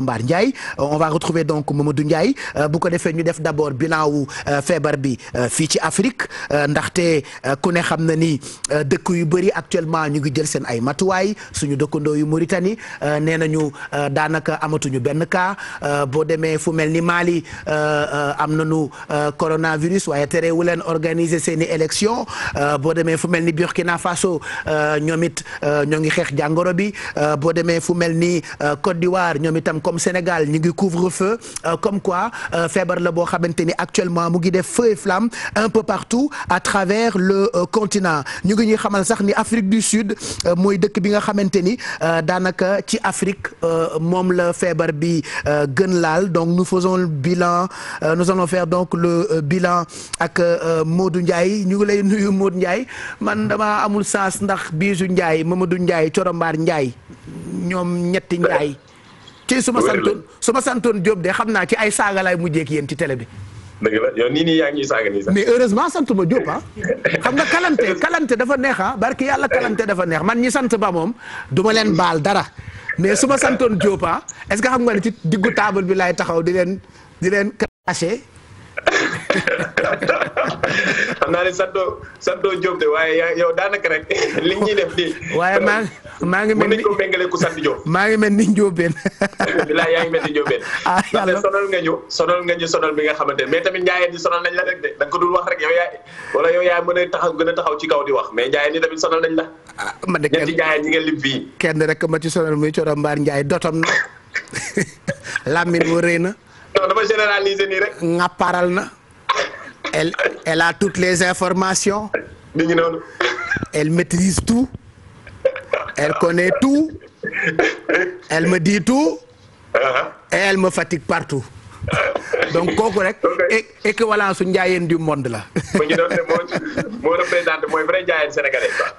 Mbar Ndiaye euh, on va retrouver donc Mamadou Ndiaye euh, bu ko defee ñu def d'abord bilan wu euh, feebar bi fii ci Afrique ndaxte ku ne xam na ni dëkk yu bëri actuellement ñu ngi jël seen ay matuwaay suñu dëkkandoo yu Mauritanie nee nañu daanaka amatuñu benn cas boo demee fu mel ni Mali am na nañu coronavirus waaye terewu leen organiser seen élection boo demee fu mel ni Burkina Faso ñoom it ñoo ngi xeex jàngoro bi boo demee fu mel ni Côte d'Ivoire ñoom comme Sénégal ñu ngi couvre-feu euh, comme quoi euh, feebar la boo xamante ni actuellement mu ngi def feu et un peu partout à travers le euh, continent ñu ngi ñuy xamal sax ni Afrique du Sud mooy dëkk bi nga xamante ni daanaka ci Afrique moom la feebar bi gën laal donc nous faisons le bilan nous allons faire donc le bilan ak Modou Ndiaye ñu ngi lay nuyu Modou Ndiaye man damaa amul sens ndax Bijou Ndiaye Mamadou Ndiaye Corombaar Ndiaye ñoom ñetti Ndiaye ci suma ma santoon su santoon Diop de xam naa ci ay saaga laay mujjee ak yéen ci télé bi. dëgg la yow nii nii mais heureusement santu ma Diop ah. xam nga kalante kalante dafa neex ah barki yàlla kalante dafa neex man ñi sant ba moom duma leen baal dara mais suma santoon Diop ah. est-ce que xam nga ne ci diggu table bi laay taxaw di leen di leen craché. xam naa ne Santo Santo Diop de waaye yow daanaka rek li ñuy def di. waaye maa maa ngi mel ni mën nañu ko méngale ku sant Diop. maa ngi mel ni Ndiobène. bilaay yaa ngi mel ni Ndiobène. ah yàlla sonal nga ñu sonal nga ñu sonal bi nga xamante ne mais tamit njaayeen ñi sonal nañ la rek de da nga ko dul wax rek yow wala yow yaa mën taxaw gën taxaw ci kaw di wax mais njaayeen ñi tamit sonal nañ la. ah ma de kenn ñetti njaayeen ñi ngeen lim kenn rek ma ci sonal muy Coro Mbaar Ndiaye dotom na Lamine wëree na. non dama nii rek. ŋàppaaral na elle elle a toutes les informations. mi ngi noonu. elle maîtrise tout. elle connaît tout. elle me dit tout. Uh-huh. et elle me fatigue partout. donc kooku rek. équivalent su njaayeen du monde la. mu ngi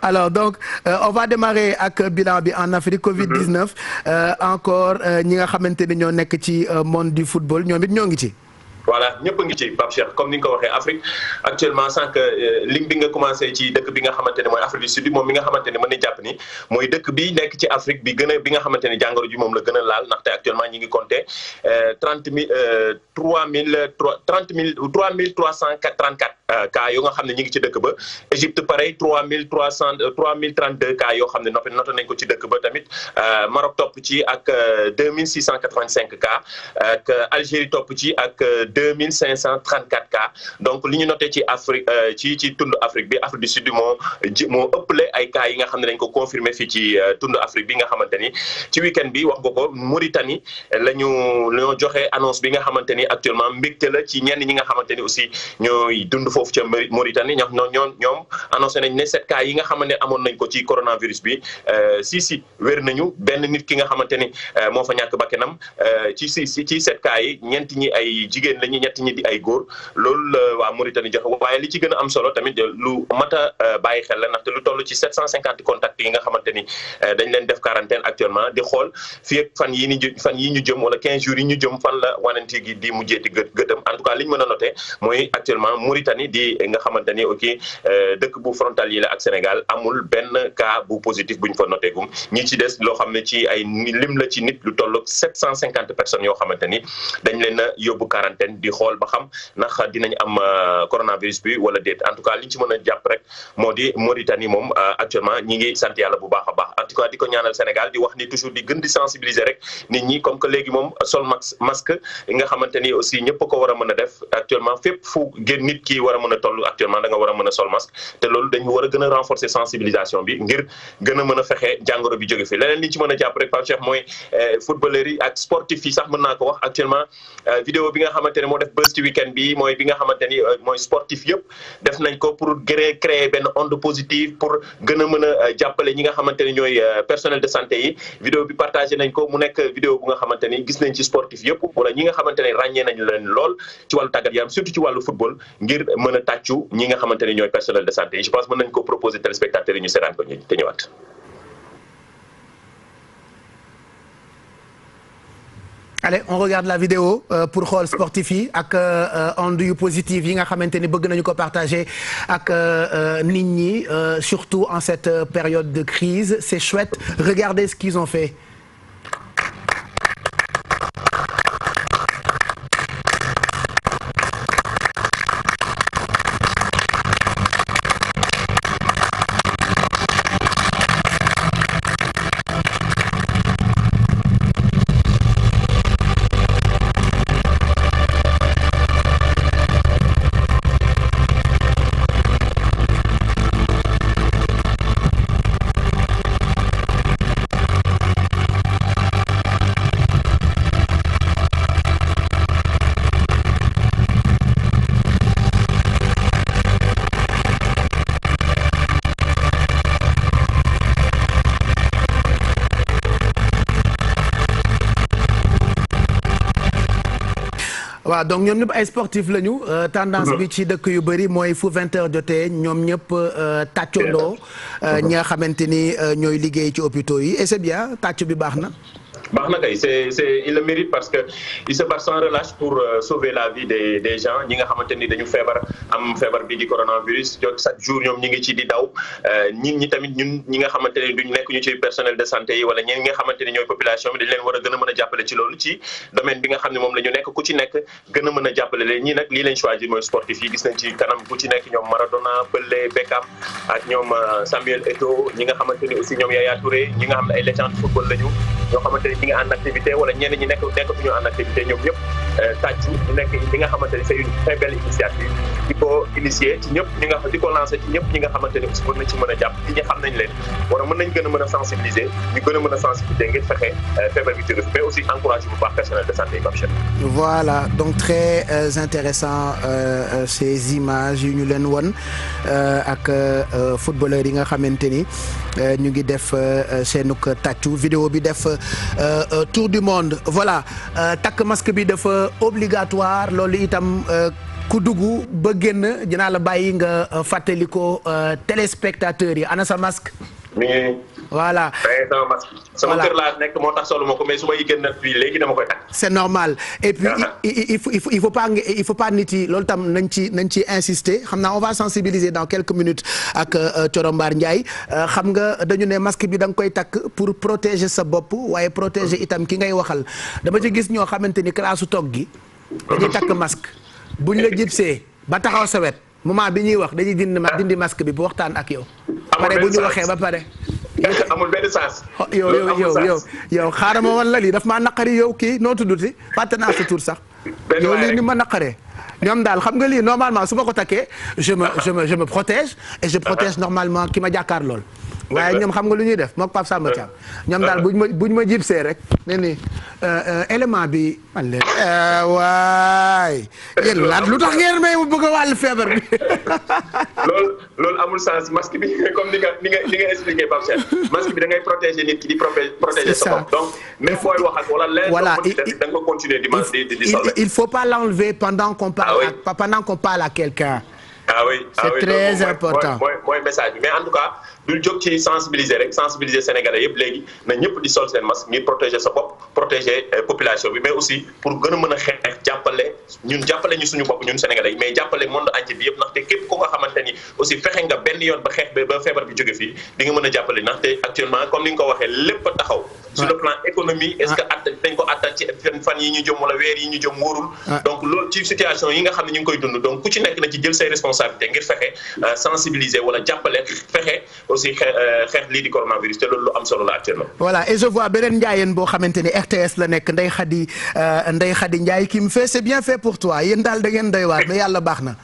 alors donc euh, on va démarrer ak bilan bi en Afrique Covid 19. Mm-hmm. Euh, encore euh, ñi nga xamante ni ñoo nekk ci euh, monde du football ñoom it ñoo ngi ci. voilà ñëpp ngi ci Pape Cheikh comme ni nga ko waxee Afrique actuellement sànq euh, lim bi nga commencé ci dëkk bi nga xamante ne mooy Afrique du Sud moom mi nga xamante ne mën na jàpp ni mooy dëkk bi nekk ci Afrique bi gën a bi nga xamante ne jàngoro ji moom la gën a laal ndaxte actuellement ñi ngi compté euh, euh, trente mille trois mille trois trente mille mille trois cent trente quatre Euh, cas yu nga xam ne ñu ngi ci dëkk ba Égypte pareil trois mille trois cent euh, trois mille trente deux cas yoo xam ne noppi noté nañ ko ci dëkk ba tamit euh, Maroc topp ci ak deux mille six cent quatre vingt cinq cas ak topp ci ak deux mille cinq cent trente quatre cas donc li ñu noté ci Afrique ci ci tund Afrique bi Afrique du Sud moo ji moo ëppale ay cas yi nga xam ne dañ ko confirmé fii ci tund Afrique bi nga xamante ni ci week-end bi wax nga ko Mauritanie la ñu ñoo joxe annonce bi nga xamante ni actuellement mbégte la ci ñenn ñi nga xamante ni aussi foofu ca Mauritanie ñoom annoncé nañ ne sept cas nga xamante amoon nañ ko ci coronavirus bi euh, si si wér nañu benn nit ki nga xamante ni euh, moo fa ñàkk bakkanam euh, ci si si ci sept cas yi ñi ay jigéen lañu ñett ñi di ay góor loolu la waa Mauritanie joxe waaye li ci gën a am solo tamit lu mat a bàyyi xel la ndaxte lu toll ci sept cent cinquante contacts yi nga xamante ni dañ leen def quarantaine actuellement di xool fii ak fan yi ñu fan yi ñu jëm wala quinze jours yi ñu jëm fan la wanante gi di mujjee di gë gëtëm en tout cas liñ mën a noté mooy di nga xamante ni ok euh, dëkk bu frontalier la ak Sénégal amul benn cas bu positif bu ñu fa ñi ci des loo xam ne ci ay lim la ci nit lu toll ak 750 personnes yoo xamante ni dañ leen a quarantaine di xool ba xam ndax dinañ am euh, coronavirus bi wala déet en tout cas liñ ci mën a jàpp rek moo di Mauritanie moom euh, actuellement ñi ngi sant bu baax a baax en tout cas di ko ñaanal Sénégal di wax ni toujours di gën di sensibiliser rek nit ñi comme que léegi moom sol masque nga xamante ni aussi ñëpp ko war a mën a def actuellement fépp mën a toll actuellement da nga war a mën a sol masque te loolu dañu war a renforcer sensibilisation bi ngir gën a mën fexe jàngoro bi jóge fi leneen li ci mën a jàpp rek Pape Cheikh mooy eh, footballeur naa ko wax actuellement eh, vidéo bi nga xamante ne moo def buzz ci weekend bi mooy bi nga xamante ni eh, mooy nañ ko pour gën a créer benn onde positive pour mën a jàppale ñi nga xamante ne ñooy personnel de santé yi vidéo bi partagé nañ ko mu nekk vidéo bu nga xamante ni gis nañ ci sportif yëpp wala ñi nga xamante ne ràññee nañ leen lool ci wàllu tàggat yaram surtout ci wàllu football ngir mën a tàccu ñi nga xamante ne ñooy personnel de santé yi je pense mën nañ proposer téléspectateurs yi ñu seetaan ko ñu te allez on regarde la vidéo euh, pour xool sportif yi ak euh, ondes yu positive yi nga xamante ni bëgg nañu ko partager ak euh, euh, nit ñi surtout en cette période de crise c'est chouette regardez ce qu'ils ont fait. waaw donc ñoom ñëpp ay sportif lañu. Euh, tendance bi ci dëkk yu bëri mooy fu 20 jotee ñoom ñëpp euh, tàccandoo. Euh, ñi nga xamante ni ñooy liggéey ci hôpitaux yi et c'est bien tàcc bi baax na. baax na kay c'est c'est il le mérite parce que il se bat sans relâche pour euh, sauver la vie des gens ñi nga xamante ni dañu feebar am feebar bi di coronavirus donc chaque jours ñoom ñi ngi ci di daw euh, ñit ñi tamit ñun ñi nga xamante ni duñ nekk ñu ci personnel de santé yi wala ñi nga xamante ni ñooy population bi dañ leen war a gën a mën a jàppale ci loolu ci domaine bi nga xam ne moom la ñu nekk ku ci nekk gën a jàppale leen ñii nag lii lañ choisir mooy sportif yi gis nañ ci kanam ku ci nekk ñoom Maradona Pelé Beckham ak euh, nga xamante ni aussi ñoom Yaya Touré ñi nga xam ne ay ñoo xamante ni ñi nga en activité wala ñenn ñi nekk nekkatuñu en activité ñoom ñëpp Euh, tàccu mu nekk li nga xamante ni c'est initiative di ko initier ci ñëpp ñi nga di ko lancer nañ ci mën a jàpp nit ñi xam nañ leen war a mën nañ gën a mën a sensibiliser ñu gën a mën a sensibiliser ngir fexe euh, feebar bi yi euh, ñu leen won ak footballeurs yi nga xamante ni ñu ngi def seenuk tàccu vidéo bi def tour du monde voilà takk masque bi dafa Euh, obligatoire loolu itam euh, ku dugg ba génn dinaa la bàyyi nga euh, fàttali ko téléspectateurs yi ana sa mi voilà sama masque. sama kër laa nekk moo tax yi ah. il faut pas nit yi loolu tam nañ ci nañ ci insister xam naa on va sensibiliser dans quelques minutes ak euh, Ndiaye euh, xam nga dañu ne masque bi da nga koy takk pour protéger sa bopp waaye protéger itam ki ngay waxal dama ci gis ñoo xamante ni classe toog gi. dañuy takk masque buñ la jibsee ba taxaw sa wet moment bi ñuy wax dañuy dindi dindi masque bi bu waxtaan ak yow. pare bu ñu waxee ba pare. amul benn yow yow yow yow xaaral ma wan la lii daf maa naqari yow kii noo tuddati fàtte naa sa tur sax. yow lii ni ma naqaree. ñoom daal xam nga lii normalement su ko takkee je me je me je me protège et je protège normalement ki ma jàkkaar lool. waaye ñoom xam nga lu ñuy def mook Pape Samba Thiam ñoom daal buñ ma buñ ma jibsee rek ne euh, euh, bi man leen eh, waay laat lu tax ngeen may bëgg a wàll feebar bi loolu loolu amul sens masque bi comme ni nga ni nga il faut pas l'enlever pendant qu'on parle ah pendant quelqu'un ah oui ah oui c'est très important mooy mooy message bi mais en tout cas dul jóg ci sensibiliser rek sensibiliser sénégalais yëpp léegi na ñëpp di sol seen masque ngir protéger sa bopp protéger euh, population bi mais aussi pour gën a mën jàppale ñun ñu suñu bopp ñun sénégalais yi mais jàppale monde entier bi yëpp ndaxte képp ko nga xamante aussi fexe nga benn yoon ba xeex ba feebar bi jóge fii di mën a jàppale ndaxte actuellement comme ni ko waxee lépp a taxaw sur le plan économie est-ce que attan ko attan ci jël say responsabilité ngir fexe euh, sensibiliser wala jàppale fexe aussi euh, xeex lii di coronavirus te loolu lu am solo la actuellement voilà et je vois beneen njaayeen boo xamante RTS la fait c'est bien fait pour toi yéen daal da ngeen doy waar mais yàlla baax na.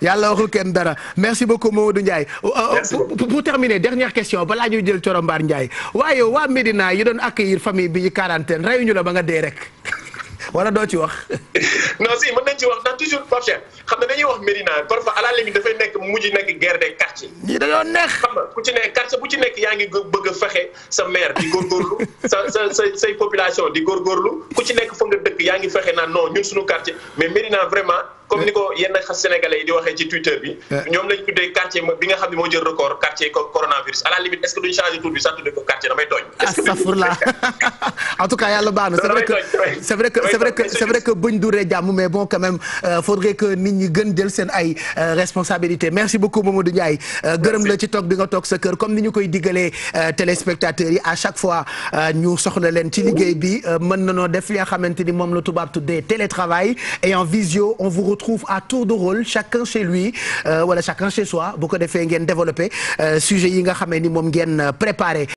yàlla waxul kenn dara merci beaucoup Mamadou Ndiaye oh, oh, pour terminer dernière question balaa ñuy jël Coro Mbar Ndiaye waaye waa Médina yi doon accueillir famille bi ci quarantaine ñu la ba nga dee rek wala doo ci wax non si mën nañ ci wax ndax toujours Pape xam ne dañuy wax Médina parfois à la limite dafay nekk mujj nekk gerte des quartiers. ñii dañoo neex. xam ku ci nekk quartier bu ci nekk yaa ngi bëgg a fexe sa maire di góorgóorlu sa sa sa say population di góorgóorlu ku ci nekk fa nga dëkk yaa ngi fexe naa non ñun suñu quartier mais Médina vraiment. comme ni ko yenn xas sénégalais yi di waxee ci Twitter bi. Eh. ñoom lañ tuddee quartier bi nga xam ne moo jël record quartier coronavirus à la limite est-ce que duñ changer tur bi sax tuddee ko quartier damay tooñ. astafurlah en tout cas yàlla baax na. damay tooñ c'est vrai que c'est vrai que c'est vrai que buñ duree jàmm mais bon quand même euh, faudrait que nit ñi gën jël seen ay euh, responsabilités merci beaucoup Mamadou Ndiaye. Euh, gërëm la ci toog bi nga toog sa kër comme ni ñu koy diggalee téléspectateurs yi à chaque fois ñu soxla leen ci bi mën nañoo def li nga xamante ni moom la tubaab tuddee télétravail retrouve à tour de rôle chacun chez lui wala euh, chacun chez soi bu ko defee ngeen développé euh, sujet yi nga xamee ni moom ngeen préparé